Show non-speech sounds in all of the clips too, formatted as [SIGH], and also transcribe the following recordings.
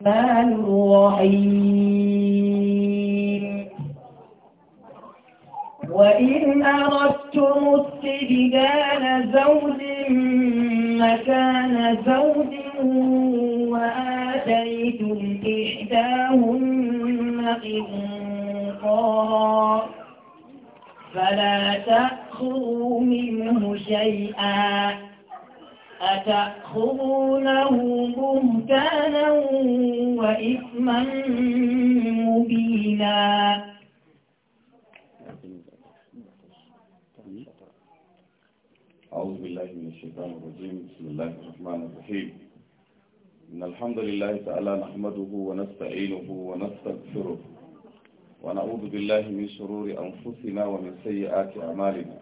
الرحمن الرحيم وإن أردتم استبدال زوج مكان زوج وآتيتم إحداهن قنطارا فلا تأخذوا منه شيئا أتأخذونه بهتانا وإثما مبينا أعوذ بالله من الشيطان الرجيم بسم الله الرحمن الرحيم إن الحمد لله تعالى نحمده ونستعينه ونستغفره ونعوذ بالله من شرور أنفسنا ومن سيئات أعمالنا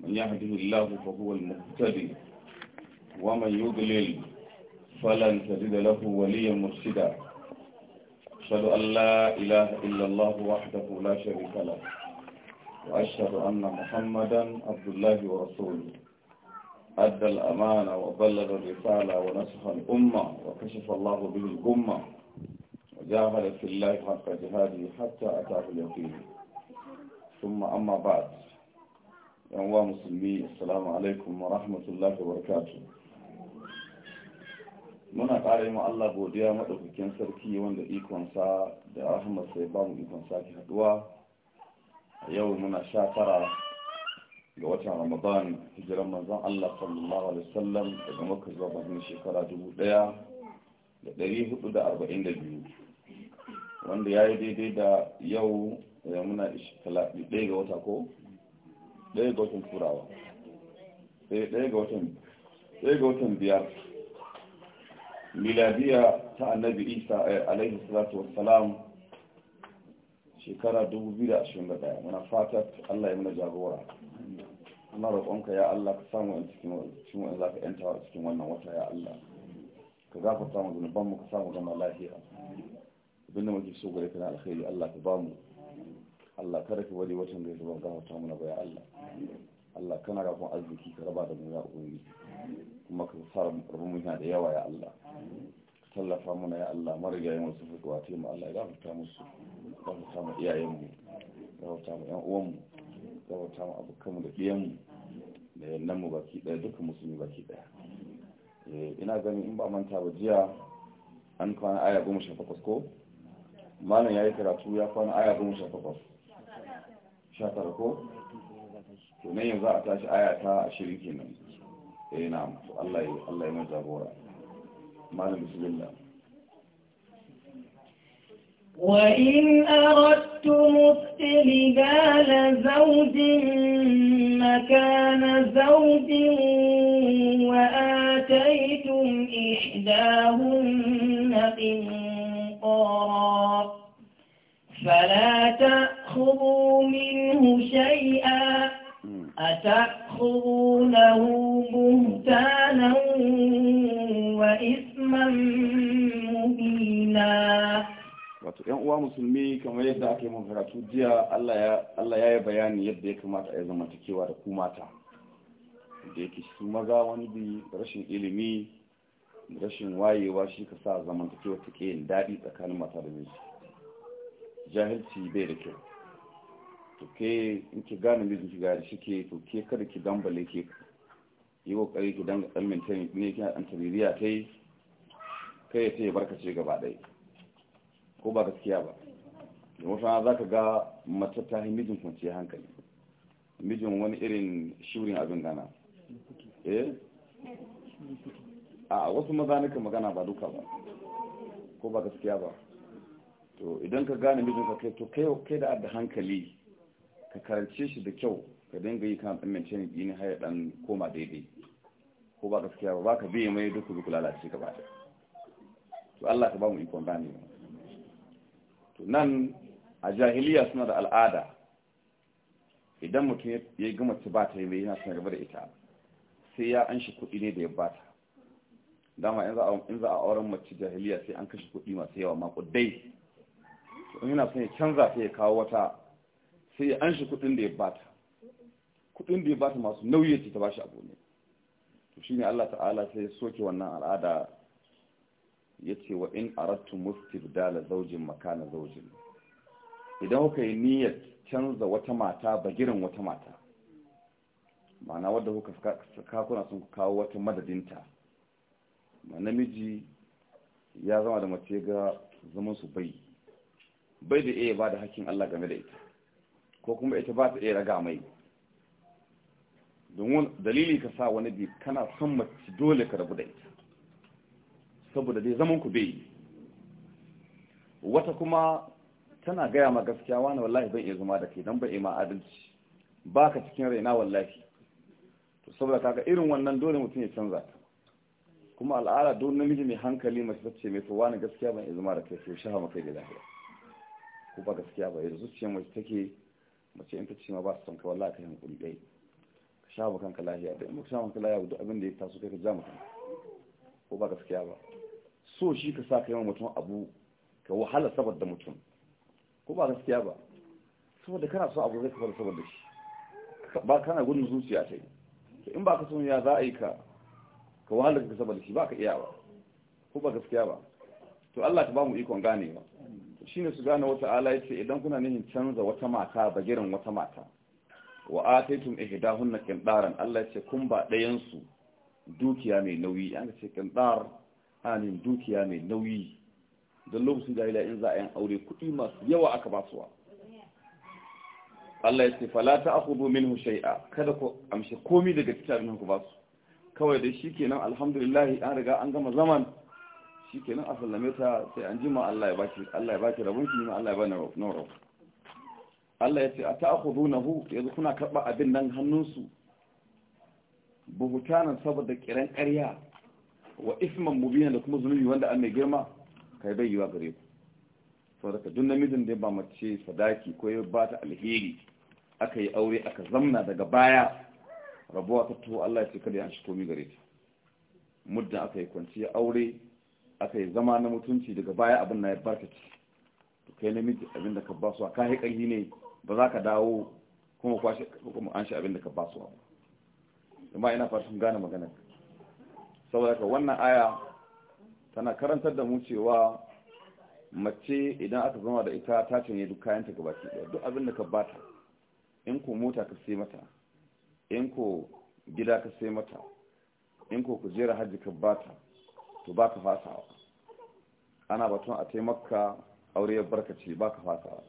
من يهده الله فهو المهتدي ومن يضلل فلن تجد له وليا مرشدا أشهد أن لا إله إلا الله وحده لا شريك له وأشهد أن محمدا عبد الله ورسوله أدى الأمانة وبلغ الرسالة ونصح الأمة وكشف الله به الأمة وجاهد في الله حق جهاده حتى أتاه اليقين ثم أما بعد يا مسلمي السلام عليكم ورحمة الله وبركاته muna ƙara yi Allah godiya maɗaukakin sarki wanda ikonsa da rahama sai ba mu ikon sake haɗuwa a yau muna sha tara ga watan ramadan hijiran manzon Allah sallallahu alaihi wasallam daga maka zuwa bakin shekara dubu ɗaya da ɗari hudu da arba'in da biyu wanda ya yi daidai da yau ya eh, muna talatin ɗaya ga wata ko ɗaya ga watan turawa ɗaya ga watan biyar miladiya ta annabi isa eh, alaihi salatu wassalam shekara 2021 muna fatar allah ya muna jagora ana roƙonka ya allah ka samu yan cikin wani za ka yanta a cikin wannan wata ya allah ka gafarta mu zunuban mu ka samu zama lafiya abin da muke so gare ka na alkhairi allah ka ba mu allah kada ka wani watan da ya zuba gafarta mu na ba ya allah allah kana rafin arziki ka raba da mu ya ubangiji kuma ka sa rumunya da yawa ya Allah tallafa muna ya Allah marigayen wasu fitowa ta yi Allah ya fita musu fita mu iyayenmu fita mu yan uwanmu fita mu abokanmu da ɗiyanmu da mu baki ɗaya dukkan musulmi baki ɗaya eh, ina ganin in ba manta ba jiya an kwana aya goma sha takwas ko malam ya yi karatu ya kwana aya goma sha takwas sha tara ko to nan yanzu a tashi aya ta ashirin kenan eh na'am Allah الله Allah ya mazabura malam bismillah وإن أردتم استبدال زوج مكان زوج وآتيتم إحداهن قنطارا فلا تأخذوا منه شيئا أتأخذوا يحصرونه بهتانا وَإِثْمًا مُبِينًا wato yan uwa musulmi kamar yadda aka yi karatu jiya Allah ya yi bayani yadda ya kamata ya zama takewa da ku mata da yake su maza wani bi rashin ilimi rashin wayewa shi ka sa zamantakewa take yin daɗi tsakanin mata da miji jahilci bai da kyau to ke in ki gane mijin ki gari shike to ke kada ki dambale ke yi kokari ki danga dan maintain ne ki dan taririya tai kai ya ce barkace gaba ɗaya ko ba gaskiya ba domin na za ka ga mace ta yi mijin kwanciyar hankali mijin wani irin shirin abin gana eh a wasu maza nika magana ba duka ba ko ba gaskiya ba to idan ka gane mijin ka kai to kai da adda hankali ka karance shi da kyau ka dinga yi kan ɗan ni ne har ya koma daidai ko ba gaskiya ba ka biye mai duk duk lalace gaba da to Allah ka ba mu ikon gane to nan a jahiliya suna da al'ada idan mutum ya yi gama ba ta yi mai yana son gaba da ita sai ya an shi kuɗi ne da ya ba dama in za a auren mace jahiliya sai an kashe kuɗi masu yawa makudai in yana son ya canza sai ya kawo wata sai ya an shi kudin da ya bata kudin da ya bata masu nauyi ce ta shi abu ne to shine Allah ta'ala sai ya soke wannan al'ada yace wa in aratu mustibdala zawjin makana zawjin idan kuka yi niyyar canza wata mata ba girin wata mata ma'ana wadda kuka son sun kawo wata madadinta namiji ya zama da mace ga zaman su bai bai da iya ba da hakkin Allah game da ita ko kuma ita ba ta iya raga mai domin dalili ka sa wani bi kana son mace dole ka rabu da ita saboda dai zaman ku bai yi wata kuma tana gaya ma gaskiya wani wallahi ban iya zama da ke don ban ima adalci ba ka cikin raina wallahi to saboda kaga irin wannan dole mutum ya canza ta kuma al'ada don namiji mai hankali mace ta ce mai to wani gaskiya ban iya zama da kai to shaha maka da lafiya ko ba gaskiya ba yanzu ce mace take mace in ta ce ma ba su son ka wallahi ka hankuri ɗaya ka sha bakan ka lahiya da in ka sha mu ka lahiya da abin da ya taso kai ka ja mutum ko ba gaskiya ba so shi ka sa ka yi wa mutum abu ka wahala saboda mutum ko ba gaskiya ba saboda kana so abu zai kafar saboda shi ba kana gudun zuciya ta yi in ba ka son ya za a yi ka ka wahala ka saboda shi ba ka iya ba ko ba gaskiya ba to Allah ta ba mu ikon ganewa shine su gane wata ala yace idan kuna nihin canza wata mata bagiran wata mata wa ataitum ihdahunna qindaran Allah yace kun ba dayan su dukiya mai nauyi an ce qindar anin dukiya mai nauyi don lokacin jahiliya in za a yin aure kuɗi masu yawa aka ba basuwa Allah yace fala ta'khudhu minhu shay'a kada ku amshi komai daga cikin ku ba su. kawai da shikenan alhamdulillah an riga an gama zaman shi kenan a sallame ta sai an jima Allah ya baki Allah ya baki rabon shi ma Allah ya bani rabon Allah ya ce a ta'khudunahu yanzu kuna karɓa abin nan hannunsu buhutanan saboda kiran ƙarya wa isman mubina da kuma zunubi wanda an mai girma kai yi bayyawa gare ku saboda ka duk namijin da ba mace sadaki ko ya ba ta alheri aka yi aure aka zamna daga baya rabuwa ta tuwo Allah ya ce kada ya shi komi gare ta muddin aka yi kwanciya aure aka yi zama na mutunci daga baya abin na ya ci to kai namiji abin da ka ba su ka haƙari ne ba za ka dawo kuma kwashe kuma an shi abin da ka ba su amma ina fatan gane magana saboda ka wannan aya tana karantar da mu cewa mace idan aka zama da ita ta cinye duk kayanta gabaki daya duk abin da ka bata in ko mota ka sai mata in ko gida ka sai mata in ko kujera hajji ka bata to ba ka fasawa ana batun a taimaka aure ya barkaci ba ka fasawa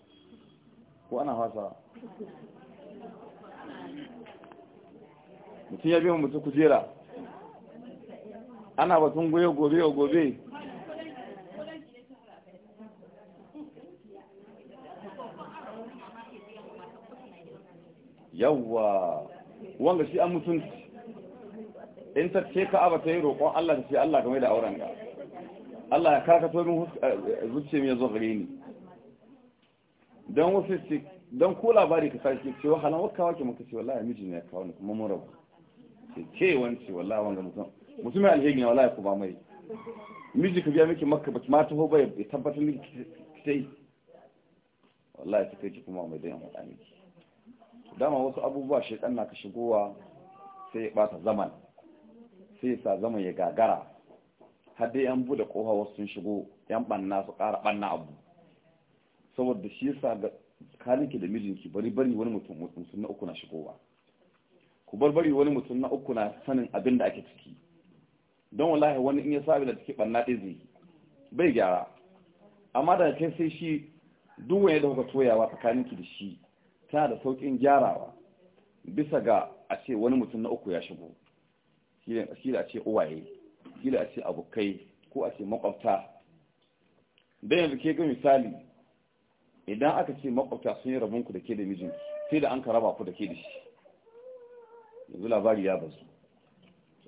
ko ana fasawa mutum ya biya mutu kujera ana batun goye gobe ya gobe yawwa wanga shi an mutunci in ta ce ka aba ta yi roƙon Allah ta ce Allah game da auren ga Allah ya karkato min eh, zuce mai zo gare ni don wasu ce don ko labari ka sake ce wa halan wakka wake muka ce wallahi miji ne ya kawo ni kuma mun rabu ce ce wance wallahi wanga mutum mutum mai alheri ne wallahi ku ba mai miji ka biya miki makka baki ma taho ba ya tabbatar miki sai wallahi ta kai ki kuma mai dan hada miki dama wasu abubuwa shedan na ka shigowa sai ya bata zaman sai sa zama ya gagara har yan buɗe kohawar wasu sun shigo yan banna su ƙara banna abu saboda shi yasa ga kalinki da mijinki bari bari wani mutum mutum na uku na shigowa ku bar bari wani mutum na uku na sanin abin da ake ciki don wallahi wani in ya sabi da take banna ɗizi bai gyara amma da kai sai shi duk wani da kuka toyawa tsakaninki da shi tana da saukin gyarawa bisa ga a ce wani mutum na uku ya shigo kila a ce uwaye kila a ce abokai ko a ce makwabta don yanzu ke ga misali idan aka ce makwabta sun yi rabonku da ke da mijinki sai da an ka raba ku da ke da shi yanzu labari ya bazu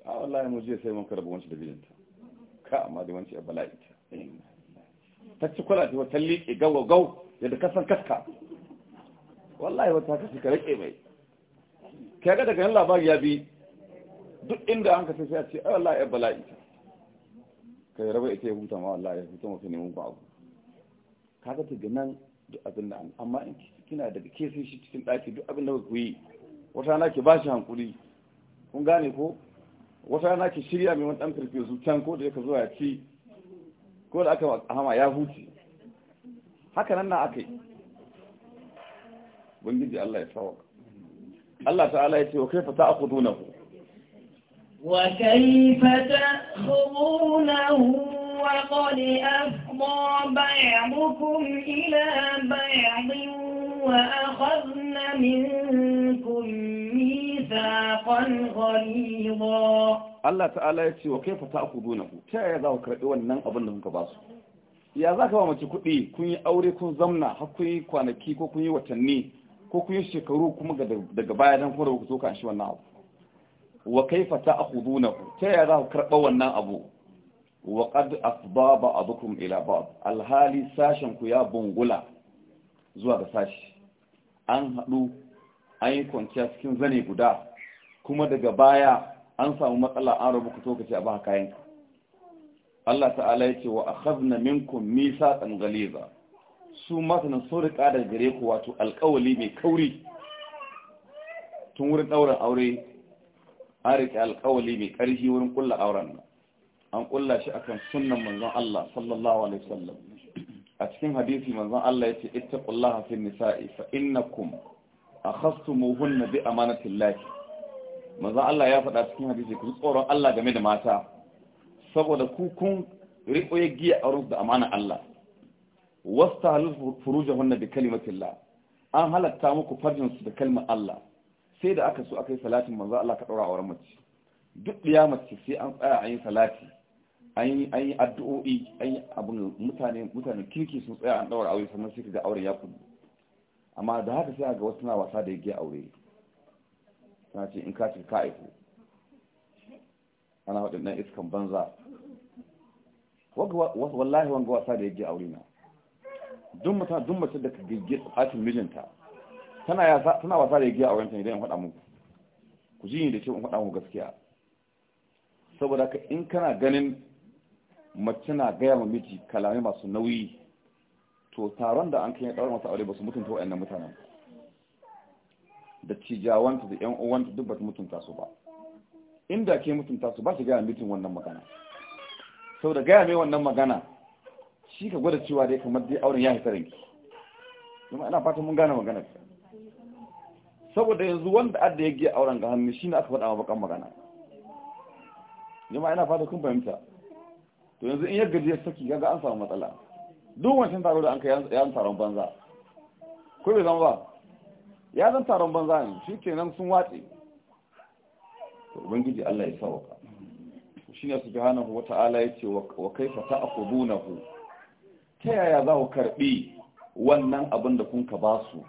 a wallahi mu je sai mun karba wancan da mijinta ka amma da wancan yabba la'ita ta ci kwala ta wata liƙe gawa yadda kasan kaska wallahi wata kasu ka rike mai kaga daga yan labari ya bi duk inda an ka sai sai a ce ai wallahi bala'i bala'i yi raba ita ya huta ma wallahi ya huta mafi neman Ka kaga ta nan duk abin da amma in kina daga ke sun shi cikin ɗaki duk abin da ku yi wata ke ba shi hankuri kun gane ko wata na ke shirya mai wani dan karfe su can ko da yaka zuwa ya ci ko da aka hama ya huce haka nan na aka yi bangiji Allah ya sawa Allah ta'ala ya ce wa ku ta'qudunahu وكيف تأخذونه وقد أفضى بعضكم إلى بعض وأخذن منكم ميثاقا غليظا Allah ta'ala ya ce wa kaifa ta'khudunahu ta yaya za ku karbi wannan abin da kuka ba su ya za ka ba mace kuɗi kun yi aure kun zamna har kun yi kwanaki ko kun yi watanni ko kun yi shekaru kuma daga baya dan kuma da ku so ka shi wannan abu wa kaifa ta'khudunahu ta ya za ku karba wannan abu wa qad asba ba'dukum ila ba'd alhali sashen ku ya bungula zuwa ga sashi an hadu an yi kwanciya cikin zane guda kuma daga baya an samu matsala an rabu ku tokaci a ba kayan ka Allah ta'ala ya ce wa akhadna minkum mithaqan ghaliza su masanan sun riƙa da gare ku wato alƙawali mai kauri tun wurin ɗaurin aure an riƙe alƙawali mai ƙarfi wurin kulla auren nan an kulla shi akan sunnan manzon Allah sallallahu alaihi wasallam a cikin hadisi manzon Allah yace ittaqullaha fi nisa'i fa innakum akhastumuhunna bi amanatillahi manzon Allah ya faɗa cikin hadisi ku tsoron Allah game da mata saboda ku kun riƙo ya giya aurus da amana Allah wasta halul furujahunna bi kalimatillah an halatta muku farjinsu da kalmar Allah sai da aka so aka yi salatin manzo Allah ka daura auren mace duk ya mace sai an tsaya an yi salati an yi an yi addu'o'i an yi abun mutane mutane kirki sun tsaya an daura aure sannan sai kaga auren ya kudu amma da haka sai ga wasu na wasa da yake aure tana ce in ka ce ka aiko ana waɗannan iskan banza wallahi wanga wasa da yake aure na dun mata duk mace da ka gigge tsakin mijinta tana wasa da giya a wancan idan in faɗa muku ku ji ni da kyau in faɗa muku gaskiya saboda ka in kana ganin mace na gaya ma miji kalamai masu nauyi to taron da an kai ɗaura masu aure ba su mutunta waɗannan mutanen da cijawanta da ƴan uwanta duk ba su mutunta su ba inda ke mutunta su ba su gaya mijin wannan magana saboda gaya mai wannan magana shi ka gwada cewa dai kamar dai auren ya haifarinki kuma ana fata mun gane maganar saboda yanzu wanda adda ya giya auren ga hannu shi ne aka faɗa bakan magana jama'a ina fata kun fahimta to yanzu in yadda gaji ya saki gaga an samu matsala duk wancan taro da an kai ya taron banza ko bai zama ba ya zan taron banza ne shi kenan sun watse to ubangiji Allah ya sauka shi ne Ala ya ce wa kai ta'khudunahu ta yaya za ku karbi wannan abin da kun ka basu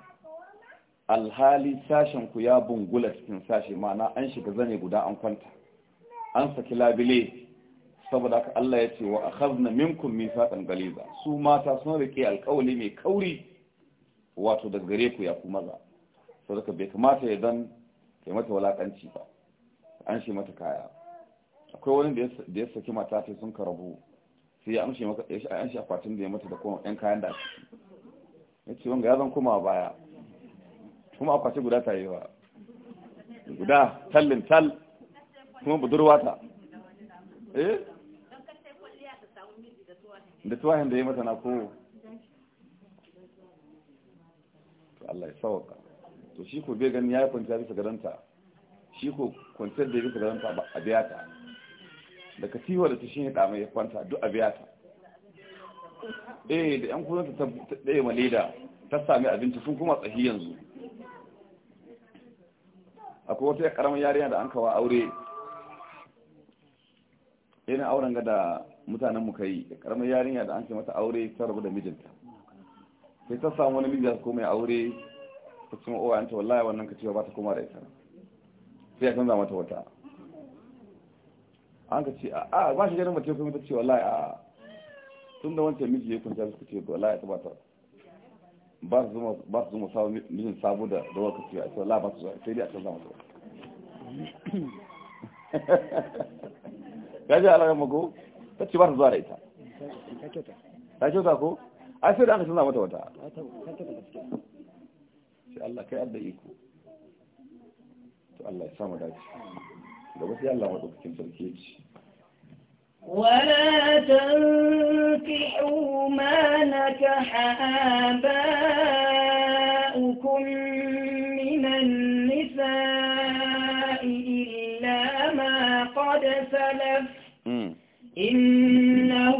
alhali sashen ku ya bungula cikin sashe mana an shiga zane guda an kwanta an saki labile saboda ka Allah ya ce wa akhadna minkum mithaqan galiza su mata sun rike alƙawli mai kauri wato daga gare ku ya ku maza saboda bai kamata ya dan kai mata walakanci ba an shi mata kaya akwai wani da ya saki mata ta sun karabu sai ya amshi maka ya akwatin da ya mata da kuma ɗan kayan da ya ce wanga ya zan koma baya kuma akwati guda ta yi wa guda tallin tal kuma budurwata. eh da tuwahin da ya mata na ko Allah ya sauka to shi ko bai gani ya yi kwanciya bisa garanta shi ko kwanciyar da ya bisa garanta ba a biya ta da tiwa da ta shi ne kama ya kwanta duk a biya ta eh da yan kudin ta ɗaya malida leda ta sami abinci sun kuma tsahi yanzu akwai wata karamar yarinya da an kawo aure yana auren ga da mutanen mu yi, karamar yarinya da an ce mata aure ta rabu da mijinta sai ta samu wani mijinta ko mai aure ta cin owa yanta wallaya wannan ka ba ta koma da ita sai ya canza mata wata an ka ce a ba shi ganin mace kuma ta ce wallaya a tun da wancan miji ya kunta su ce wallaya ta ba ta ba su zama samun mijin samu da da waka fiye a cewa la ba su zuwa sai dai a canza masu [LAUGHS] ya ji alaƙar mako ta ce ba su zuwa da ita ta kyauta ko a sai da aka canza mata wata sai Allah kai adda iko to Allah ya samu dace da wasu yalla maɗaukakin sarki ya ce ولا تنكحوا ما نكح آباؤكم من النساء إلا ما قد سلف إنه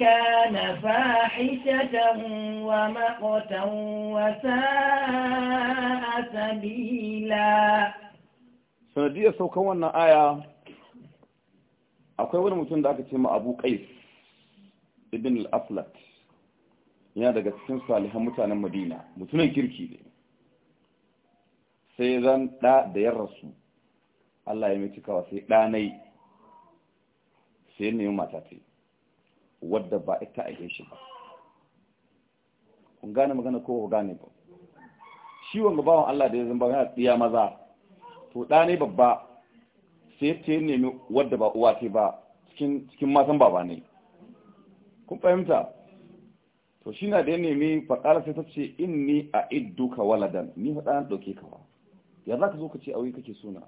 كان فاحشة ومقتا وساء سبيلا سندية سوكونا آية akwai wani mutum da aka ce ma abu qais ibn al-aflat yana daga cikin salihan mutanen madina mutumin kirki ne sai zan da da yar rasu Allah ya mai cikawa sai ɗanai sai ya nemi mata ce. wadda ba ita a shi ba kun gane magana ko ku gane ba shi wanga bawan Allah da ya zan bawa yana tsiya maza to ɗanai babba sai ta nemi wadda ba uwa ce ba cikin matan baba ne kun fahimta to shi na da ya nemi faƙara sai ta ce in ni a idduka waladan ni faɗa na ɗauke ka ya za ka zo ka ce aure kake suna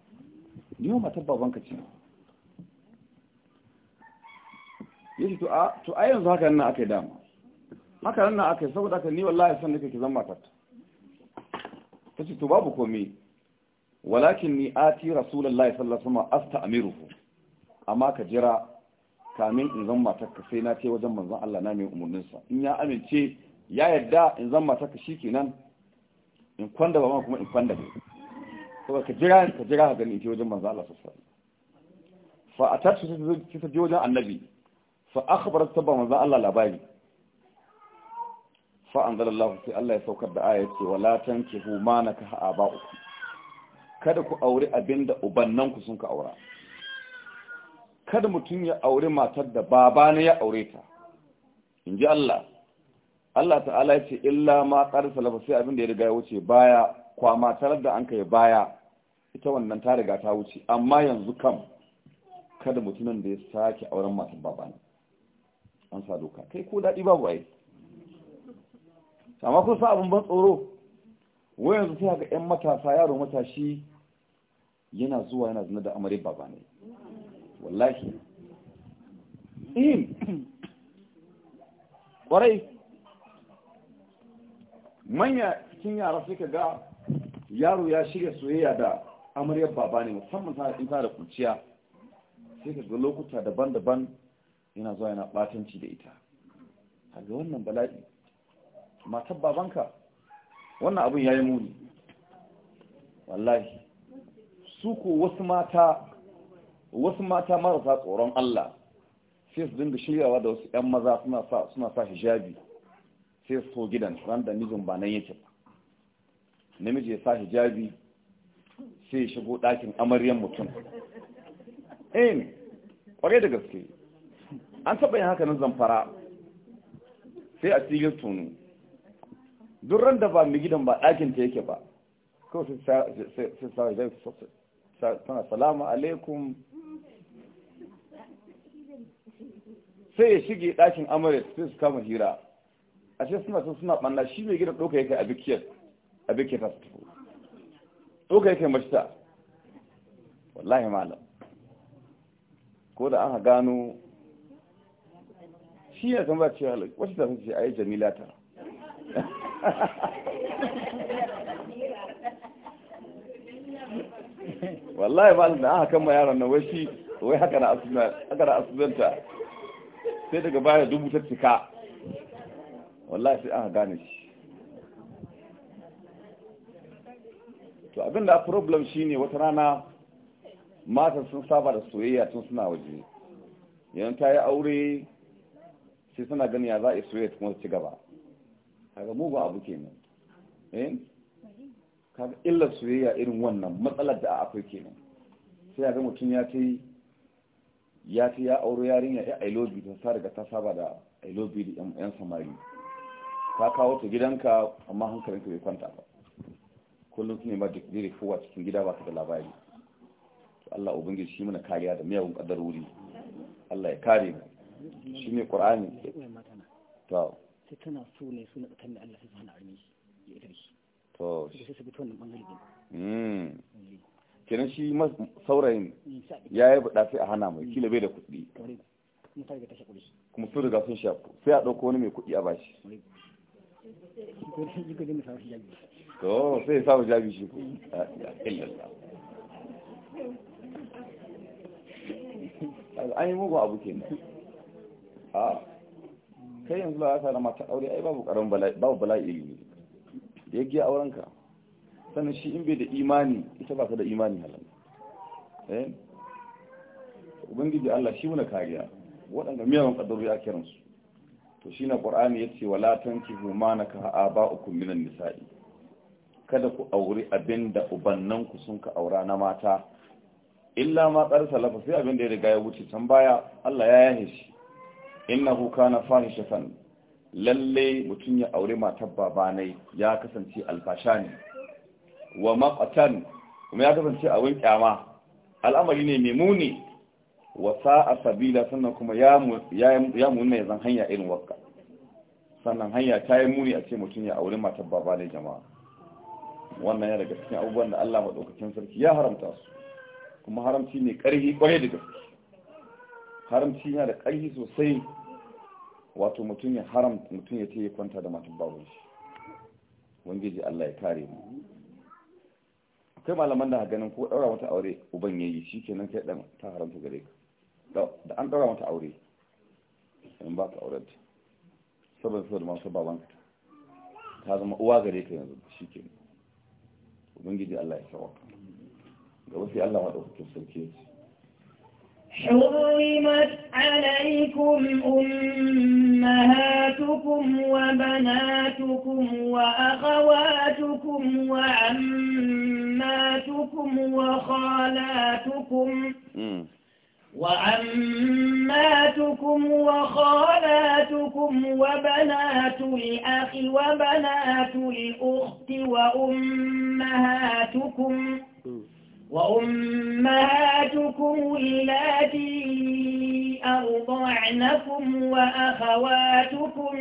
ni matan matar babanka ce ya ce to a yanzu haka nan aka yi dama haka nan aka yi saboda aka ni wallahi san da kake zan matar ta ce to babu komi. walakin ni ati rasulullahi sallallahu alaihi wasallam asta'miruhu amma ka jira kamin in zan matarka sai na ce wajen manzon Allah na mai umurnin sa in ya amince ya yadda in zan matarka shikenan in kwanda ba ma kuma in kwanda ne saboda ka jira ka jira ka ni in ce wajen manzon Allah sallallahu alaihi wasallam fa atatu ta je wajen annabi fa akhbarat tabba manzon Allah labari fa anzalallahu sai Allah ya saukar da aya ce wala tankihu ma nakaha aba'ukum kada ku aure abinda ku sun ka aura kada mutum ya aure matar da baba ne ya aure ta in Allah Allah ta'ala ya ce illa ma ƙarfi salafa sai abinda ya riga ya wuce baya kwa matar da an kai baya ita wannan ta riga ta wuce amma yanzu kam kada mutumin da ya sake auren matar baba ne an sa doka kai ko daɗi babu ai amma kun sa abin ban tsoro wai yanzu sai ga 'yan matasa yaro matashi yana zuwa yana zina da amare baba ne wallahi in kwarai manya cikin yara sai ka ga yaro ya shirya soyayya da amaryar baba ne musamman ta in da kunciya, sai ka ga lokuta daban-daban yana zuwa yana batanci da ita haga wannan bala'i matar babanka wannan abin ya yi muni wallahi su ko wasu mata wasu mata marasa tsoron Allah sai su dinga shiryawa da wasu ‘yan maza suna sa suna sa hijabi sai su so gidan ran da mijin ba nan yake ba namiji ya sa hijabi sai ya shigo ɗakin amaryan mutum eh kwarai da gaske an taɓa yin haka nan zamfara sai a cikin tunu duk ran da ba mai gidan ba ɗakin ta yake ba kawai sai sa hijabi sosai tana salamu alaikum sai ya shige ɗakin amurit sai su kama hira a ce suna sun suna ɓanna shi mai gina ɗauka yake a bikiyar ta su tafi ɗauka yake mashita wallahi malam ko da aka gano shi ya zama ce halak wasu ta ce a yi jamila ta [LAUGHS] wallahi ba da aka kama yaran nan wai shi wai haka na asubanta sai daga baya dubu ta cika wallahi sai aka gane shi to abin da problem shine wata rana mata sun saba da soyayya tun suna waje yanzu ta yi aure sai suna gani ya za a yi soyayya kuma ci gaba a ga mugun abu kenan eh? kaga illar soyayya irin wannan matsalar da akwai kenan sai ga mutum ya ce ya ta ya auro yarinya ya ai love you ta daga ta saba da ai love da yan samari ka kawo ta gidanka amma hankalinka bai kwanta ba kullum su ne ma dikdiri kowa cikin gida ba ka da labari Allah ubangiji shi mana kariya da miyagun kadaruri Allah ya kare mu shi ne qur'ani sai tana so ne sunan Allah subhanahu wa ta'ala ya idarki Mm. Eh. kenan shi saurayin mm, ya yi buɗa sai a hana mai mm. kila bai da kuɗi kuma sun riga sun shafu sai a ɗauko wani mai kuɗi a bashi to sai ya samu jabi shi ku an yi mugun abu kenan a ah. kai yanzu ba a sa mata aure ai babu karamin babu bala'i ilimi da ya giya aurenka sannan shi in bai da imani ita ba ta da imani halin eh ubangiji Allah shi muna kariya waɗanda miyawan ƙaddaru ya kiransu to shi na ƙur'ani ya ce wala tanki huma na ka ba uku minan nisa'i kada ku auri abin ubannanku sun ka aura na mata illa ma tsar salafa sai abin ya riga ya wuce can baya Allah ya yahe shi innahu kana fahishatan lalle mutum ya aure matar babanai ya kasance alfasha ne wa maqatan kuma ya kasance abin kyama al'amari ne mai muni wa sa'a sabila sannan kuma ya ya munna zan hanya irin wakka sannan hanya ta yi muni a ce mutum ya aure matar babanai jama'a wannan ya daga cikin abubuwan da Allah madaukakin sarki ya haramta su kuma haramci ne karhi kwarai da gaske haramci yana da karhi sosai wato mutum ya haram mutum ya ce ya kwanta da matan bawon shi wangiji Allah ya kare mu akwai malaman da ganin ko daura mata aure uban yayi shikenan kai dan ta haramta gare ka da an daura mata aure in ba ka auren ta saboda saboda masu baban ka ta zama uwa gare ka yanzu shikenan ubangiji Allah ya sauka gaba sai Allah madaukakin sarki حرمت عليكم أمهاتكم أبناؤكم وبناتكم وأخواتكم وعماتكم وخالاتكم وعماتكم وخالاتكم وبنات الأخ وبنات الأخت وأمهاتكم وأمهاتكم التي أرضعنكم وأخواتكم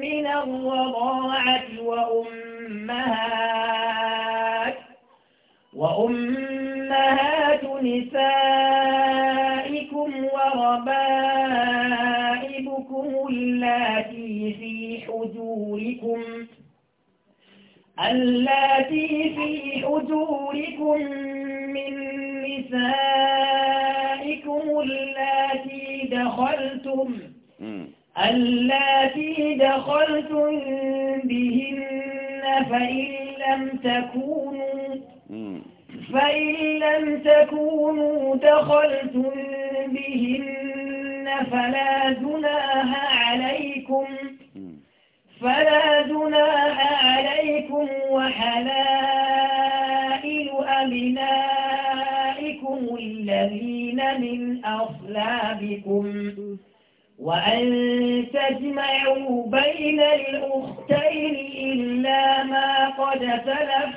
من الرضاعة وأمهات وأمهات نسائكم وربائبكم التي في حجوركم اللاتي في حجوركم من نسائكم اللاتي دخلتم اللاتي دخلتم بهن فإن لم تكونوا فإن لم تكونوا دخلتم بهن فلا جناها عليكم فلا جناح عليكم وحلائل أبنائكم الذين من أصلابكم وأن تجمعوا بين الأختين إلا ما قد سلف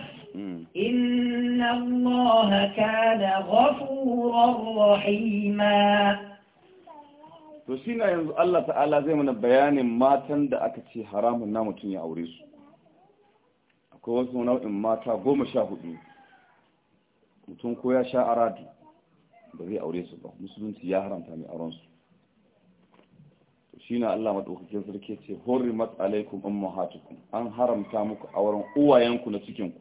إن الله كان غفورا رحيما to shi na yanzu Allah ta'ala zai mana bayanin matan da aka ce haramun na mutum ya aure su akwai wasu nau'in mata goma sha hudu mutum ko ya sha aradu ba zai aure su ba musulunci ya haramta mai auren su to shi na Allah maɗaukakin sarki ce matsalaikun alaikum ummahatukum an haramta muku auren uwayenku na cikinku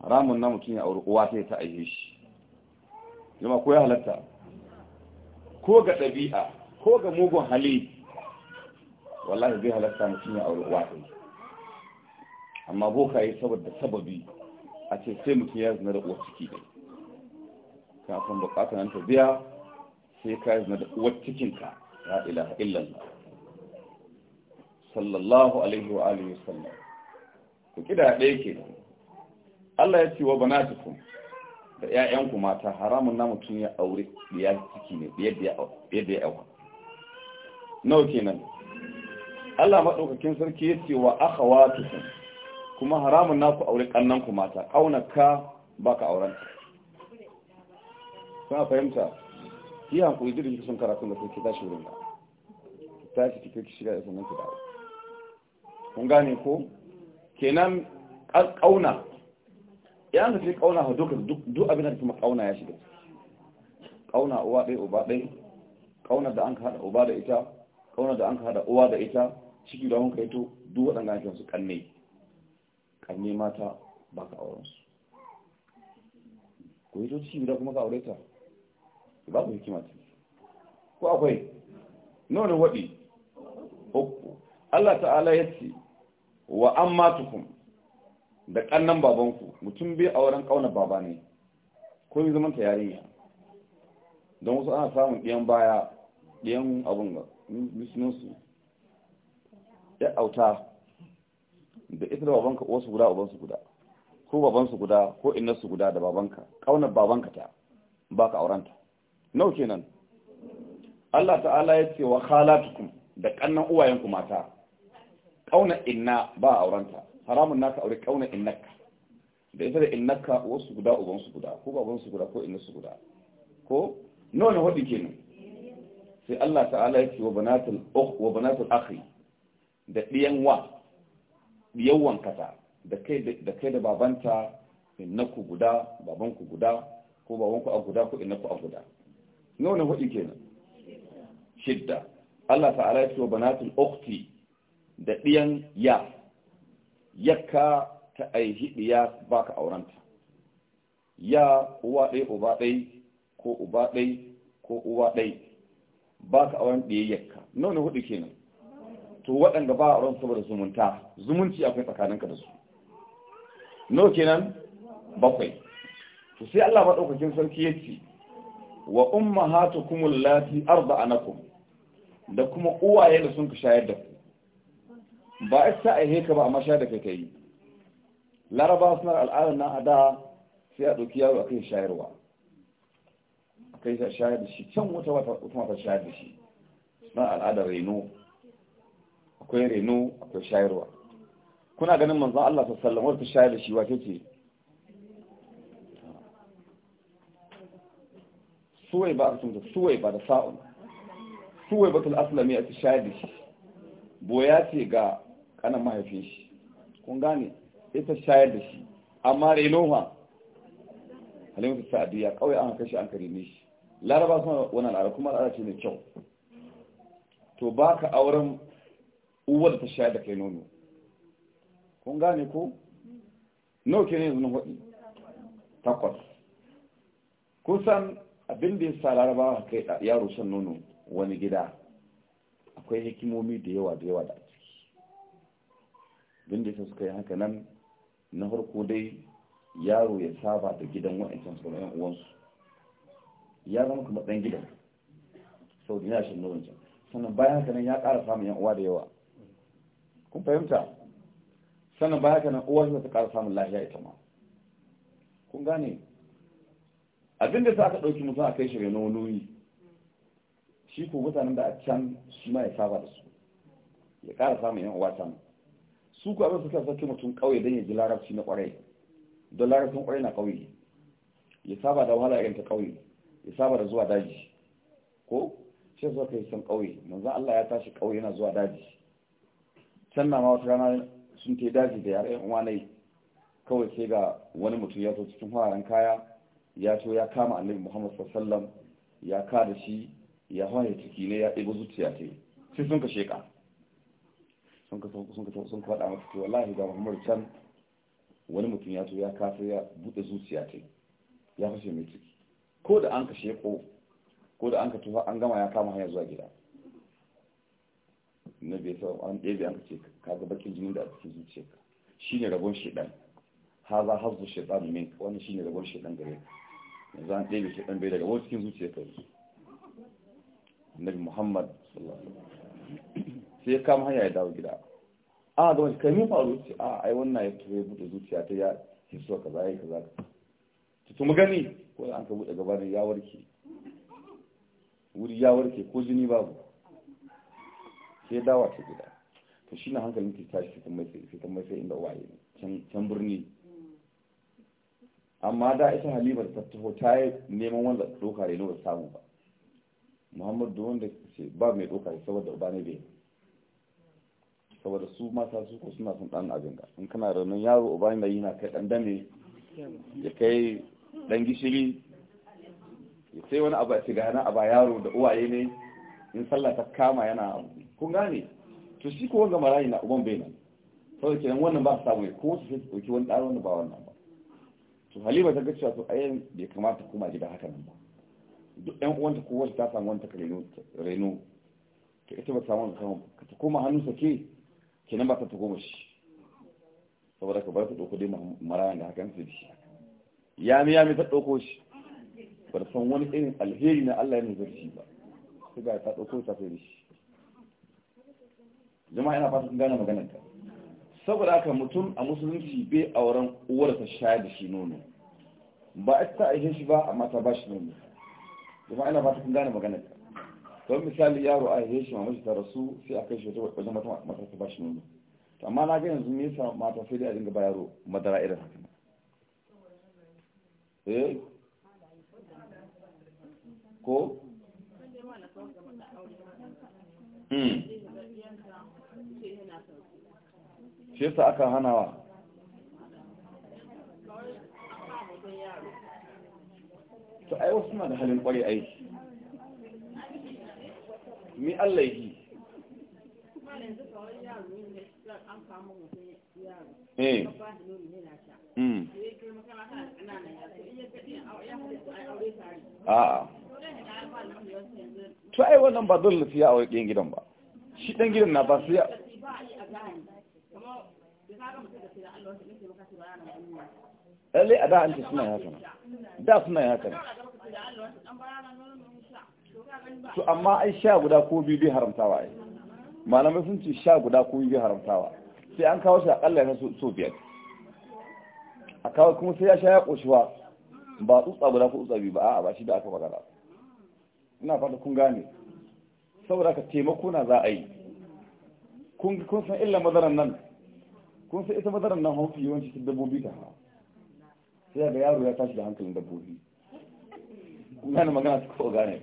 haramun na mutum ya aure uwa ta ta aihe shi ko ya halatta ko ga ɗabi'a ko ga mugun hali wallahi zai halatta mutum ya aure uwa amma boka yi saboda sababi a ce sai mutum ya zina da uwar ciki ne kafin bukatar nan ta biya sai ka zina da uwar cikinka ya ila illallah sallallahu alaihi wa alihi sallam ku kida ɗaya ke Allah ya ce wa banatukum da ƴaƴanku mata haramun na mutum ya aure da ya ciki ne yadda ya auka nawa kenan Allah maɗaukakin sarki ya ce wa aka sun kuma haramun na ku aure kannanku mata ba ka auren kuna fahimta ki hankuri duk da sun karatu da kuke tashi wurin ta tashi kike ki shiga da sunan ki da kun gane ko kenan kauna ya nufi kauna ha duka duk abin da kuma kauna ya shiga kauna uwa ɗaya uba ɗaya kauna da an ka haɗa uba da ita kauna da an ka haɗa uwa da ita ciki da hunka ito duk waɗanda ake su kanne kanne mata ba ka auren su ku hito ciki da kuma ka aure ta ba ku hikima ta ko akwai nonin waɗi Allah ta'ala ya ce wa an matukum da kannan babanku mutum bai auren ƙaunar baba ne ko yi zaman ta yarinya don wasu ana samun ɗiyan baya ɗiyan abin ga musulunsu ya auta da ita da babanka wasu guda babansu guda ko babansu guda ko innarsu guda da babanka ƙaunar babanka ta ba ka auren ta. nau kenan Allah ta'ala ya ce wa khalatukum da kannan uwayenku mata ƙaunar inna ba auren ta. haramun naka aure kauna innaka da ita da innaka wasu guda uban su guda ko baban su guda ko inna su guda ko nawa ne hudu kenan sai Allah ta'ala ya ce wa banatul ukh wa banatul akhi da diyan wa diyan wankata da kai da kai da babanta innaku guda babanku guda ko babanku a guda ko innaku a guda nawa ne hudu kenan shidda Allah ta'ala ya ce wa banatul ukhti da diyan ya yakka ta aihi ɗiya ba ka aurenta ya uwa ɗai uba ɗai ko uba ɗai ko uwa ɗai ba ka auren ɗaya yakka nuna hudu kenan to waɗanda ba auren saboda zumunta zumunci akwai tsakaninka da su no kenan bakwai to sai Allah maɗaukakin sarki ya ce wa ummahatukum allati arda'anakum da kuma uwaye da sun ka shayar da ku ba a sa a heka ba a masha da kai yi laraba suna al'adar na ada sai a ɗauki yaro a kai shayarwa a kai shayar da shi can wata wata mata shayar da shi suna al'adar reno akwai reno akwai shayarwa kuna ganin manzan Allah ta sallama wata shayar da shi wa kake suwai ba a sun da suwai ba da sa'un suwai batul aslami a ta shayar da shi boya ce ga kana mahaifin shi kun gane ita shayar da shi amma renoha halimta sa'adiyya kawai an kashe an kare shi laraba suna wani al'ada kuma al'ada ce mai kyau to ba ka auren uwar ta shayar da kai nono kun gane ko Nawa ke ne yanzu na hudu takwas kusan abin da ya sa laraba kai yaro shan nono wani gida akwai hikimomi da yawa da yawa da ake don da suka yi haka nan na harko dai yaro ya saba da gidan wa'ancan su yan uwansu ya zama kuma dan gidan sau da yashin shan wancan sannan bayan haka nan ya ƙara samun yan uwa da yawa kun fahimta sannan bayan haka nan uwa ta ƙara samun lafiya ita ma kun gane abinda sa aka ɗauki mutum a kai shi reno wani shi ko mutanen da a can shi ma ya saba da su ya ƙara samun yan uwa can su ku abin suka sake mutum ƙauye don ya ji larabci na ƙwarai don larabcin ƙwarai na ƙauye ya saba da wahala irin ta ƙauye ya saba da zuwa daji ko shi zuwa kai san ƙauye manzo Allah ya tashi ƙauye yana zuwa daji sannan ma wata rana sun ta daji da yare uwa ne kawai sai ga wani mutum ya zo cikin hararen kaya ya to ya kama annabi Muhammad sallallahu alaihi wasallam ya ka da shi ya hawaye ciki ne ya ɗebo zuciya ta sai sun ka sheka sun ka sun faɗa mata to wallahi ga muhammadu can wani mutum ya ya kafa ya buɗe zuciya ta ya fashe mai ciki ko da an ka sheko ko da an ka tufa an gama ya kama hanyar zuwa gida na bai sa an ɗebe an ka ce ka ga bakin jini da a cikin zuciyarka shine rabon shedan haza hazzu shedan min wannan shine rabon shedan gare ka yanzu an ɗebe shedan bai daga wani cikin zuciyarka annabi muhammad sallallahu alaihi wasallam sai ya kama hanya ya dawo gida a ga wani kai faru ce a ai wannan ya tuwe buɗe zuciya ta ya ka kaza ka zaka ta tumu gani ko an ka buɗe gabanin ya warke wuri ya warke ko jini babu sai ya dawo ta gida to shi na hankalin ta tashi fitan mai sai fitan mai sai inda waye ne can birni amma da ita halima ta taho ta yi neman wanda doka ne ba samu ba muhammadu wanda ce ba mai doka ne saboda uba ne bai saboda su mata su ko suna son dan abin da in kana raunin yaro uba mai yana kai dan dame ya kai dan gishiri ya sai wani abu a ce na a ba yaro da uwaye ne in sallah ta kama yana kun gane to shi ko wanga marayi na uban bai nan saboda kenan wannan ba su samu ko su sai dauki wani ɗaro ba wannan ba to halima ta ga cewa to ayyan bai kamata kuma gida haka nan ba duk ɗan uwanta ko wasu ta samu wani ta reno ta ita ba ta samu ka ta koma hannu sake kenan ba ta ta goma shi saboda ka bar ta ɗauko dai marayan da hakan su shi ya mi ya mi ta ɗauko shi bar san wani irin alheri na Allah ya nuna shi ba su ga ta ɗauko ta sai shi jama'a yana fata sun gane maganar ta saboda haka mutum a musulunci bai auren uwarsa shayar da shi nono ba a ta aihe shi ba amma ta ba shi nono jama'a yana fata sun gane maganar ta don misali yaro a yi shi mamashi ta rasu sai a kai shi wajen mata mata ta bashi nono to amma na ga yanzu me yasa mata sai dai a dinga ba yaro madara irin haka eh ko hmm shi yasa aka hanawa to ai wasu na da halin kwari aiki mi Allah yi eh mm wannan ba zan sai a aure gidan ba shi ɗan gidan na ba su ya lallai a da an ce suna yakan da suna yakan to amma ai sha guda ko biyu bai haramtawa ai malamai sun ce sha guda ko biyu bai haramtawa sai an kawo shi akalla na so biyar a kawo kuma sai ya sha ya koshuwa ba tsutsa guda ko tsutsa biyu ba a'a ba shi da aka magana ina fata kun gane saboda ka taimako na za a yi kun kun san illa madaran nan kun san ita madaran nan hauki yawanci dabbobi ta ha sai ga yaro ya tashi da hankalin dabbobi kun gane magana ta kawo gane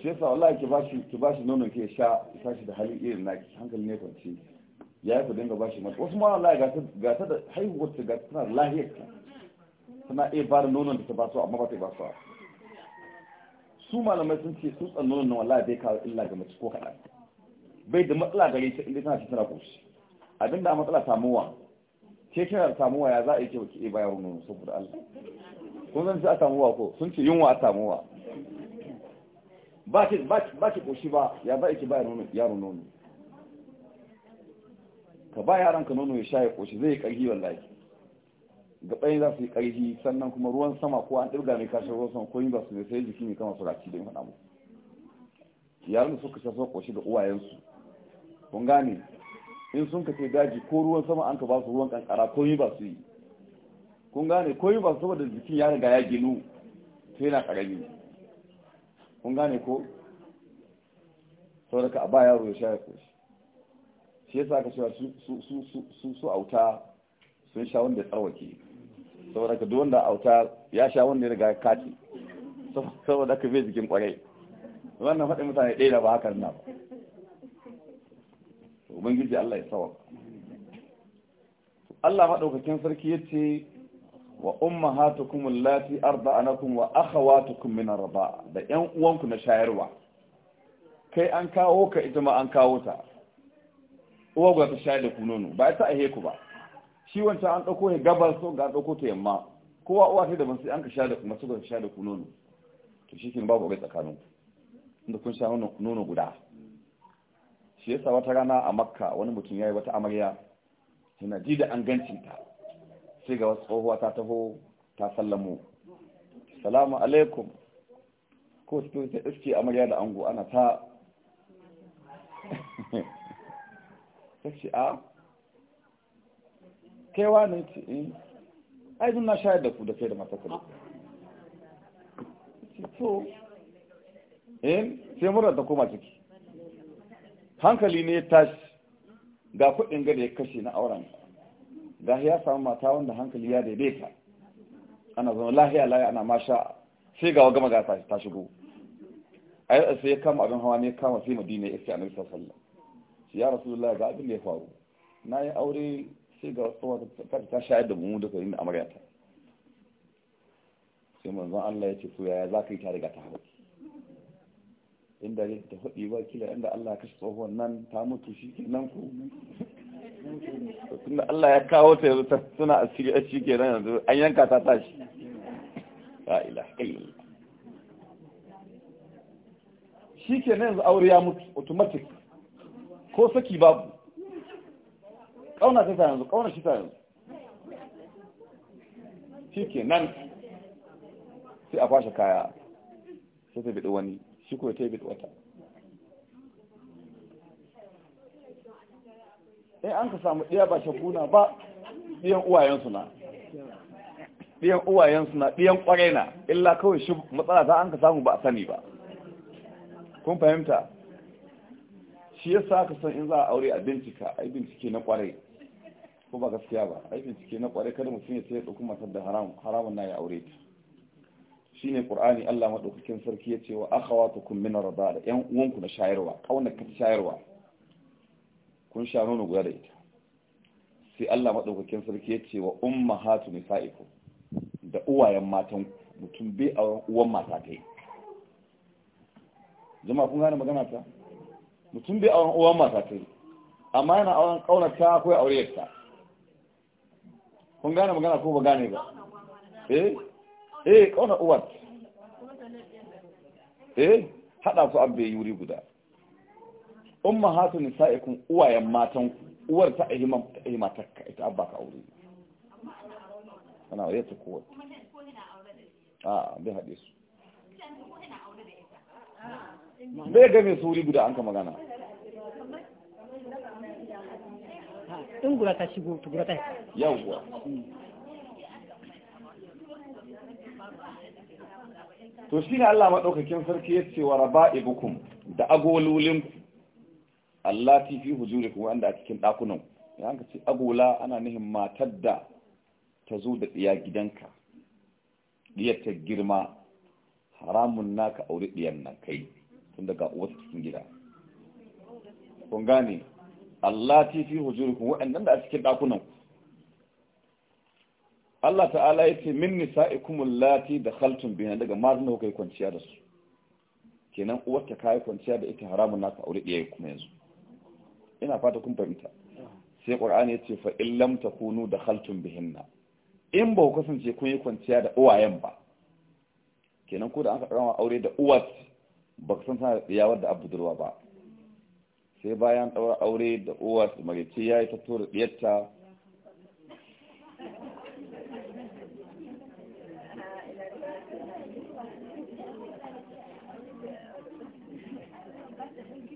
shi yasa wallahi ki bashi ki bashi nono ke sha ki tashi da halin irin naki hankali ne kwance ya yi ku dinga bashi mata wasu ma wallahi ga ta da haihuwar ta ga tana lahiyar ta tana iya ba da nonon da ta ba su amma ba ta ba su su malamai sun ce tsan nonon na wallahi bai kawo illa ga mace ko kaɗan bai da matsala gare ta inda tana ci tana koshi abinda matsala samuwa ke kina a samuwa ya za a yi ke baki wani nono saboda Allah kun zan a samuwa ko sun ce yunwa a samuwa ba ki koshi ba ya za a yi bayar nono yaro nono ka ba yaran ka nono ya sha ya koshi zai yi karhi wallahi bayan za su yi karhi sannan kuma ruwan sama ko an dirga mai kashe ruwan sama ko yin ba su ne sai jiki ne kama su rafi da yin faɗa mu yaran da suka sha suka koshi da uwayensu kun gane in sun ka daji ko ruwan sama an ka ba su ruwan kankara ko yi ba su yi kun gane ko yi ba su saboda jikin ya riga ya ginu sai na karami kun gane ko ka a ba yaro ya shayar ko shi yasa ka cewa su su auta sun sha wanda ya tsarwake saboda ka wanda auta ya sha wanda ya riga ya kace saboda ka bai jikin kwarai wannan faɗin mutane ɗaya da ba hakan na ba ubangiji Allah ya sawa Allah maɗaukakin sarki ya ce wa umma a na kuma aka wata min raba da yan uwanku na shayarwa kai an kawo ka ita ma an kawo ta uwa ga ta shayar da ku nono ba ta ahe ku ba shi wancan an ɗauko ya gabar so ga ɗauko ta yamma kowa uwa sai daban sai an ka shayar da kuma shayar da ku nono to shi kin babu bai tsakanin da kun sha nono guda shi yasa wata rana a makka wani mutum ya yi wata amarya yana ji da an gancin ta sai ga wasu tsohuwa ta taho ta sallamu salamu alaikum ko su ta iske amarya da ango ana ta sashi [LAUGHS] a kaiwa ne ce in eh, aizun na shayar da ku da kai da matakar to in eh, sai murar ta koma ciki hankali ne ya tashi ga kuɗin gada ya kashe na auren ga ya samu mata wanda hankali ya daidaita ana zama lahiya lahiya ana masha sai ga gama ga ta shigo a yi sai ya kama abin hawa ne ya kama sai madina ya ce a nabi sallallahu ya rasulullah ga abin da ya faru na yi aure sai ga tsohon ta shayar da mummu duka inda da ta sai manzon Allah ya ce to yaya za ka yi ta riga ta hauki inda zai ta faɗi ba kila inda Allah kashe tsohon nan ta mutu shi ke nan ku tunda Allah ya kawo ta yanzu suna a a shi ke nan yanzu an yanka ta tashi la ilaha illallah shi ke nan yanzu aure ya mutu automatic ko saki babu kauna ta yanzu kauna shi ta yanzu shi ke nan sai a kwashe kaya sai ta biɗi wani shi ta bit wata eh an ka samu ɗiya ba shakuna ba ɗiyan uwayensu na ɗiyan uwayensu na ɗiyan ƙwarai na illa kawai shi matsala ta an ka samu ba a sani ba kun fahimta shi yasa ka san in za a aure a bincika ai bincike na ƙwarai ko ba gaskiya ba ai bincike na ƙwarai kada mutum ya sai ya ɗauki matar da haramun na ya aure ta shine qur'ani Allah madaukakin sarki yace wa akhawatukum min ar da yan uwanku na shayarwa kaunar ka shayarwa kun sha nono guda da ita sai Allah madaukakin sarki yace wa ummahatu nisaikum da uwayen matan mutum bai a uwan mata kai jama'a kun gane magana ta mutum bai a uwan mata kai amma yana auren kaunar ta akwai aure ta kun gane magana ko ba gane ba eh eh kauna uwar eh hada su an bai wuri guda umma hatu nisa'ikum uwayen matan uwar ta ihimam ta ihimata ka ita abba ka aure ana waye ta kuwa a bai hade su bai ga mai suri guda an ka magana in gura ta shigo ta gura ta yawwa to shi ne Allah maɗaukakin sarki ya ce wa raba'ibukum da agololinku Allah fi fi hujurikum wanda a cikin ɗakunan ya hanka ce agola ana nihin matar da ta zo da ɗiya gidanka ɗiyar ta girma haramun naka aure ɗiyar nan kai tun daga uwarsa cikin gida kun gane Allah ti fi hujurikum wa'annan a cikin ɗakunan Allah ta'ala ya ce min nisa'ikum allati dakhaltum biha daga mazan da kai kwanciya da su kenan uwarta kai kwanciya da ita haramun naka aure iyaye kuma yanzu ina fata kun fahimta sai qur'ani ya ce fa in lam takunu dakhaltum bihinna in ba ku kasance kun yi kwanciya da uwayen ba kenan ko da an karama aure da uwat ba ku san tana da yawar da abudurwa ba sai bayan daura aure da uwat marice yayi ta tura diyarta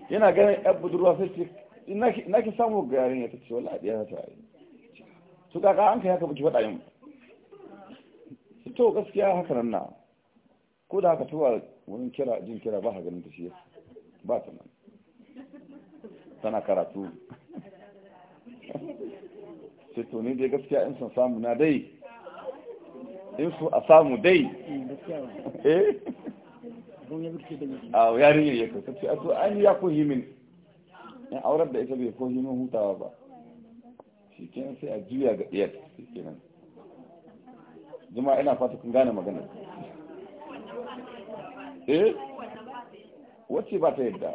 yana ganin yan budurwa sai ce na ki samu garin yarinya ta wala biya ta yi to kaka an kai haka baki faɗa yin to gaskiya haka nan na ko da haka wa wurin kira jin kira ba ha ganin ta shi ba ta nan tana karatu sai to ni dai gaskiya in san samu na dai in su a samu dai eh a yarinyar ya kai kace a to an ya kohi min in aurar da ita bai kohi min hutawa ba shi kenan sai a juya ga ɗiyar shi kenan jama'a ina fata kun gane magana eh wacce ba ta yadda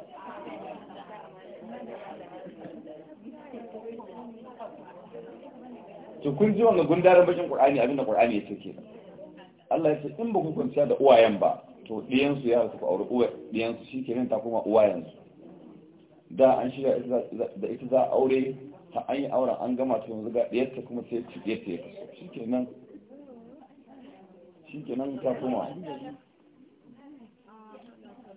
to kun ji wannan gundarin bakin qur'ani abinda qur'ani ya ce kenan Allah ya ce in ba ku kwanciya da uwayen ba to ɗiyansu ya rasu auri uwa ɗiyansu shi kenan ta kuma uwa yanzu da an shirya da ita za aure ta an yi auren an gama ta yanzu ga ɗiyarta kuma sai ci ɗiyarta ya kaso shi kenan shi kenan ta kuma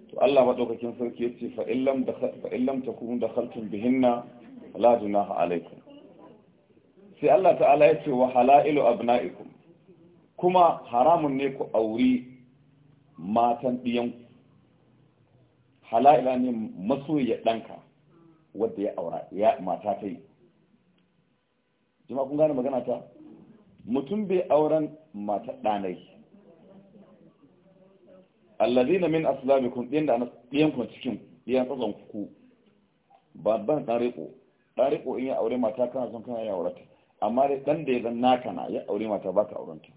to Allah maɗaukakin sarki ya ce fa'in lam ta kuma da haltun bihinna la junaha alaikum sai Allah ta'ala ya ce wa halailu abna'ikum kuma haramun ne ku auri matan ɗiyanku hala'ila ne masoyiyar ɗanka wadda ya aura ya mata ta yi jima kun gane magana ta mutum bai auren mata ɗanai allazi na min kun ɗin da na cikin ɗiyan tsazon ku babban ɗan riko ɗan riko in ya aure mata kana son kana ya aurata amma dai ɗan da ya zan naka na ya aure mata ba ka aurenta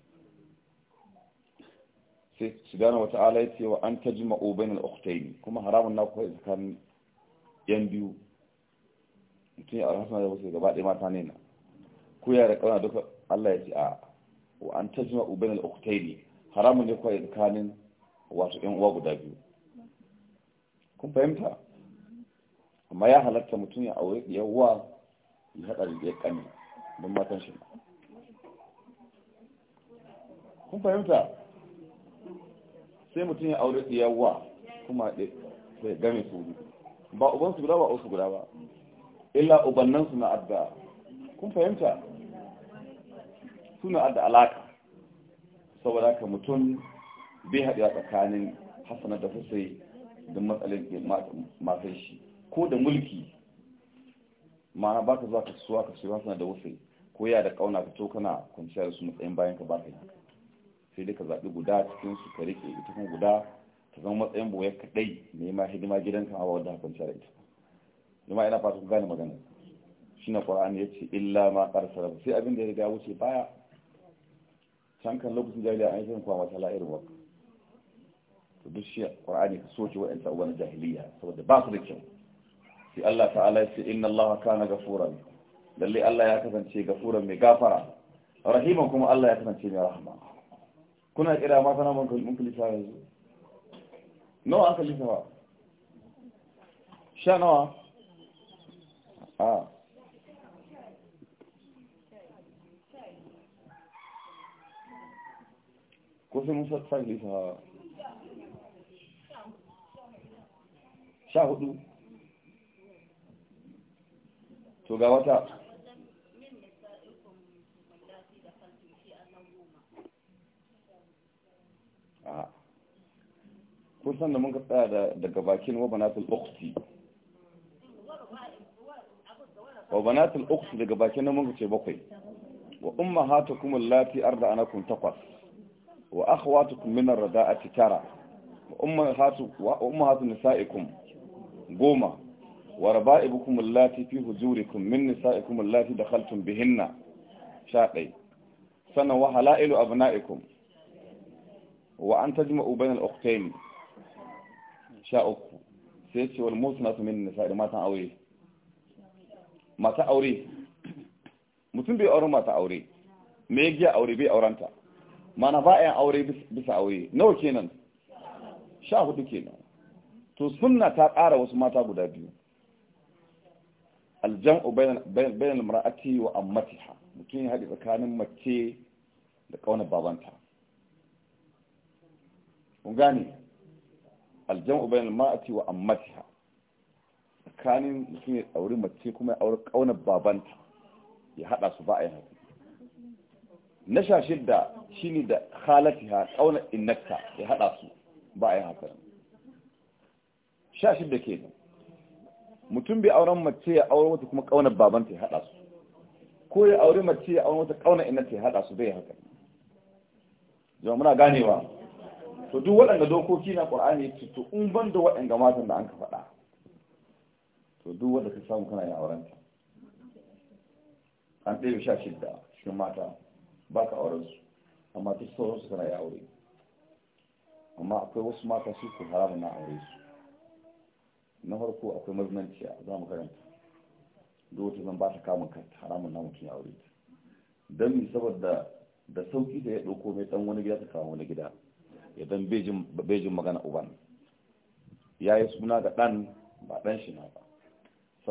sai subhanahu wata'ala ya ce wa an tajma'u bainal ukhtayn kuma haramun na kuwa tsakanin yan biyu mutum ya rasu da wasu gaba ɗaya mata ne na ku yara kauna duka Allah ya ce a wa an tajma'u bainal ukhtayn haramun ne kuwa tsakanin wato yan uwa guda biyu kun fahimta amma ya halatta mutum ya aure yawa ya haɗa da ya kani don matan shi kun fahimta sai mutum ya aure tsiyawa kuma da game su ba ubansu guda ba osu guda ba illa ubannansu na adda kun fahimta suna adda alaka saboda ka mutum bai a tsakanin hassana da Fasai da matsalin masai shi ko da mulki ma'ana ba ka zuwa ka suwa ka suwa hassana da wasai ko ya da ƙauna ka to kana kwanciyar su matsayin bayan ka ba ka yi haka sai dai ka zaɓi guda cikin su ka rike ita kuma guda ta zama matsayin boye kaɗai ne ma hidima gidanka hawa wadda hakan shara ita ma ina fata ku gane magana shi na ƙwararren ya ce illa ma ƙarsar sai abin da ya riga wuce baya can kan lokacin jahiliya an yi shirin kwamata la'irin waka to duk shi ƙwararren ka soke wa'yan sa'uwa na jahiliya saboda ba su da kyau sai Allah ta'ala ya ce inna Allah kana gafura Lallai Allah ya kasance gafura mai gafara rahiman kuma Allah ya kasance mai rahama kuna kira sana na banka muku lissafa yanzu nawa aka ba sha nawa a ko sai mun lisa ba sha hudu to ga wata kun san da mun ka tsaya da daga bakin wabanatul ukhti wabanatul ukhti daga bakin nan mun ka ce bakwai wa ummahatukum allati arda'anakum taqas wa akhwatukum min ar-rada'ati tara wa ummahatu wa ummahatu nisa'ikum goma wa raba'ibukum allati fi hujurikum min nisa'ikum allati dakhaltum bihinna sha sana wa halailu abna'ikum wa an tajma'u bayna al-ukhtayn sha uku sai ce wal musnatu min nisa da matan aure mata aure mutum bai aure mata aure me ya giya aure bai auranta mana ba yan aure bisa aure nawa kenan sha hudu kenan to sunna ta ƙara wasu mata guda biyu aljam'u bayan mar'ati wa ammatiha mutum ya haɗe tsakanin mace da ƙaunar babanta kun gane aljam'u bainal ma'ati wa ammatiha tsakanin mutum ya auri mace kuma ya auri kaunar babanta ya hada su ba a yi haka na sha shidda ne da khalatiha kaunar innata ya hada su ba a yi haka sha shidda ke nan mutum bai auren mace ya auri wata kuma kaunar babanta ya hada su ko ya auri mace ya auri wata kaunar innata ya hada su bai haka jama'a muna ganewa to duk waɗanda dokoki na ƙwar'ani ce to in ban da waɗanda matan da an ka faɗa to duk wanda ka samu kana yin aurenta an ɗaya sha shidda cikin mata ba ka aurensu amma duk sauransu kana yin aure amma akwai wasu mata su ku haramu na aure su na farko akwai maznanciya za mu karanta duk wata zan ba ta kamun kanta haramun na mutum ya aure ta don mi saboda da sauki da ya ɗauko mai ɗan wani gida ta kawo wani gida ya dan bejin magana uban ya yi suna ga ɗan ba ɗan shi na ba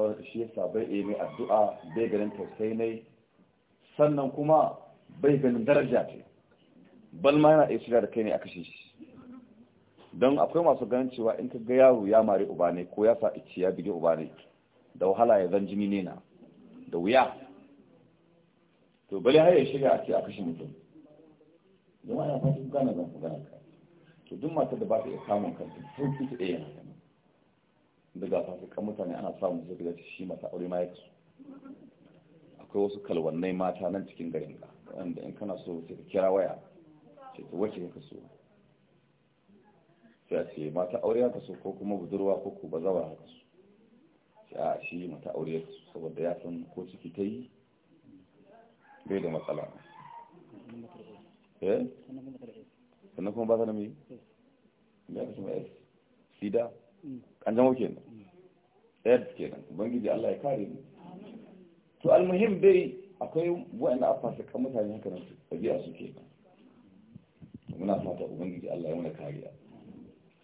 da shi yasa bai yi mai addu'a bai ganin tausayi ne sannan kuma bai ganin daraja ce balma yana iya shiga da kai ne a kashe shi don akwai masu ganin cewa in ka ga yaro ya mari uba ne ko ya sa ici ya bige uba ne da wahala ya zan jini ne na da wuya to bale har ya shiga a ce a kashe mutum jama'a ya fata gane zan gane ka to duk matar da ba ta iya samun kanta sun fi ta iya yana gani da ga kan mutane ana samun zai da shi mata aure ma ya kasu akwai wasu kalwannai mata nan cikin garin ka wanda in kana so sai ka kira waya ce ta wace ka kaso sai a ce mata aure ya kaso ko kuma budurwa ko ko ba zawa haka su sai a shi mata aure ya kaso saboda ya san ko ciki ta yi bai da matsala eh sannan kuma ba ta da mai mai aka shima s sida mm. an zama kenan mm. aids kenan ubangiji allah ya kare mu to almuhim dai akwai wa'anda a fasa kan mutane haka nan tabi'a su kenan muna fata ubangiji allah ya muna kariya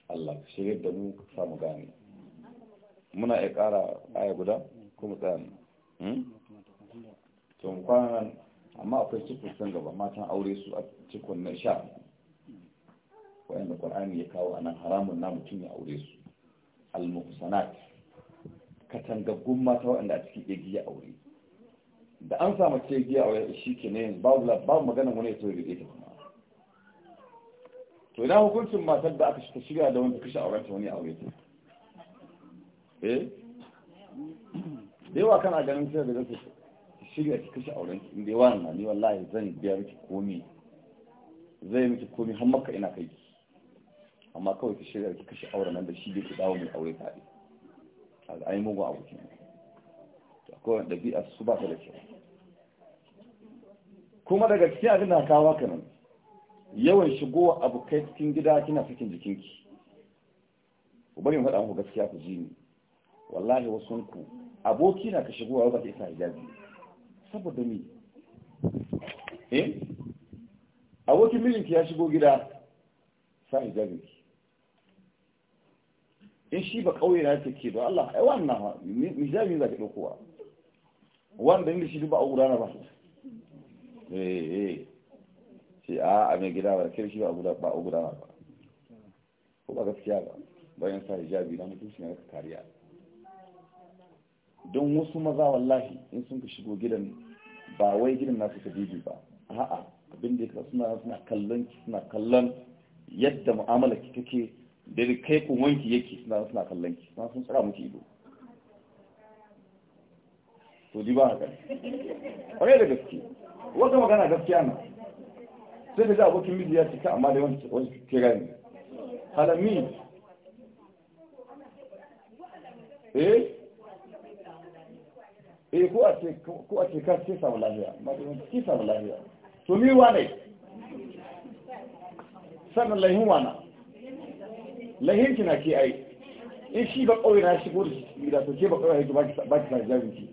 allah ka shirya da mu ka samu gane muna ya kara aya guda kuma tsayan hmm? to kwanan amma akwai cikin san gaba matan aure su a cikin na sha da qur'ani ya kawo anan haramun na mutum ya aure su al-muhsanat katangaggun mata waɗanda a cikin igiya aure da an samu ce giya aure shi ke ne babu babu magana wani ya tsoye da ita kuma to idan hukuncin matar da aka shiga da wani kashe aure ta wani aure ta eh yawa kana ganin sai da zai shirya ki kashe auren ki inda yawa na ni wallahi zan biya miki komi zai miki komi har maka ina kai ki amma kawai ki shirya ki kashe auren nan da shi yake dawo mai aure tare. a ga mugun abokin Ko kawai ɗabi'a su ba ta da kyau kuma daga cikin abin da kawo ka nan yawan shigo abokai cikin gida kina cikin jikinki ku bari mu faɗa muku gaskiya ku ji ni wallahi wasu ku aboki na ka shigo ba ta isa hijabi saboda ni eh abokin mijinki ya shigo gida sa hijabi in shi ba kauye na ke ba Allah ai wannan ma mi za ki dauko wanda inda shi ba a na ba eh eh shi a a mai gida ba kai shi ba a ba a gudana ba ko ba gaskiya ba bayan sa hijabi na mutunci na ka kariya don wasu maza wallahi in sun ka shigo gidan ba wai gidan nasu ka bibi ba a'a abin da ya suna suna kallon suna kallon yadda mu'amala ki take da kai wanki yake suna suna kallon ki suna sun tsara miki ido to di ba haka kwarai da gaske wata magana gaskiya na sai da ji abokin miji ya cika amma da wani kira ne halami eh eh ko a ce ko a ce ka ce samu lafiya ma da wani ki samu lafiya to mi wane sannan lahin na. lahinki na ke ai in shi ba kawai na shigo da gida to ke ba kawai ya ba ki sa jarinki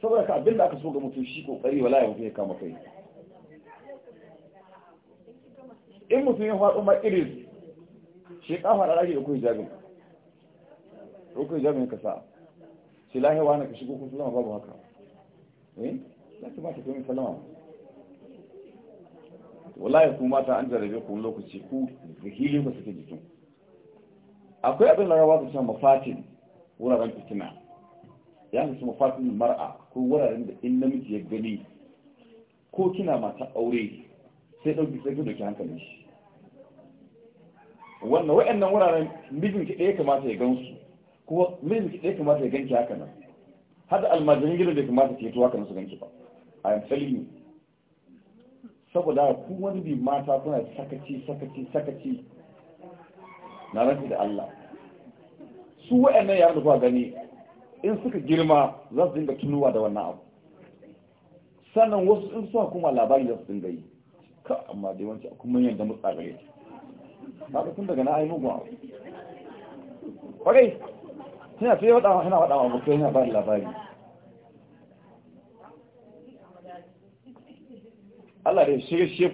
saboda ka abinda aka so ga mutum shi kokari wala ya mutum ya kama kai in mutum ya faɗo ma irin shi kafa da rage da kuwa jami rukun jami'in ka sa shi lahewa na ka shigo kuma salama babu haka eh za ki ba ta kuma min salama wallahi ku mata an jarabe ku lokaci ku da hilin ba suke jikin akwai abin larawa su san mafatin wuraren fitina ya su mafatin mar'a ko wuraren da in namiji ya gani ko kina mata aure sai ɗauki sai ɗauki hankali shi wannan wayannan wuraren mijin ki ɗaya kamata ya gansu ko mijin ki ɗaya kamata ya ganki haka nan hada almajirin gidan da kamata ke tuwa haka su ganki ba a am telling saboda ku wani bi mata kuna sakaci sakaci sakaci na rafi da Allah su waɗannan yaran da kuka gani in suka girma za su dinga tunuwa da wannan abu sannan wasu in suka kuma labari za su dinga yi ka amma dai wancan kuma da mutsa gare ta ba ka tun daga na ayi mugun abu kwarai tana sai waɗa hana waɗa abokai yana ba labari الله ده شيء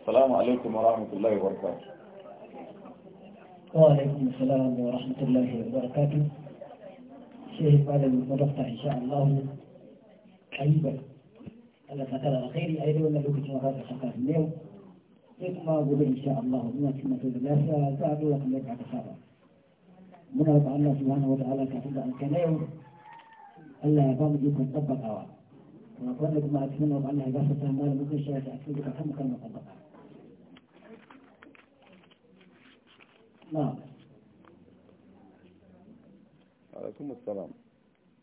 السلام عليكم ورحمة الله وبركاته وعليكم السلام ورحمة الله وبركاته شيخ بعد المضفة إن شاء الله قريبا على فترة الأخير أيضا لكم تنظر في الشقاء اليوم يقمى به إن شاء الله من في الله فزاد لكم يبعد خيرا من وضع الله سبحانه وتعالى كفضاء الكلام ألا يقام يكون طبق أوا ونقول لكم أتمنى وضع الله إذا فتح مال ممكن شيء تأكيد كم كان مطبق نعم عليكم السلام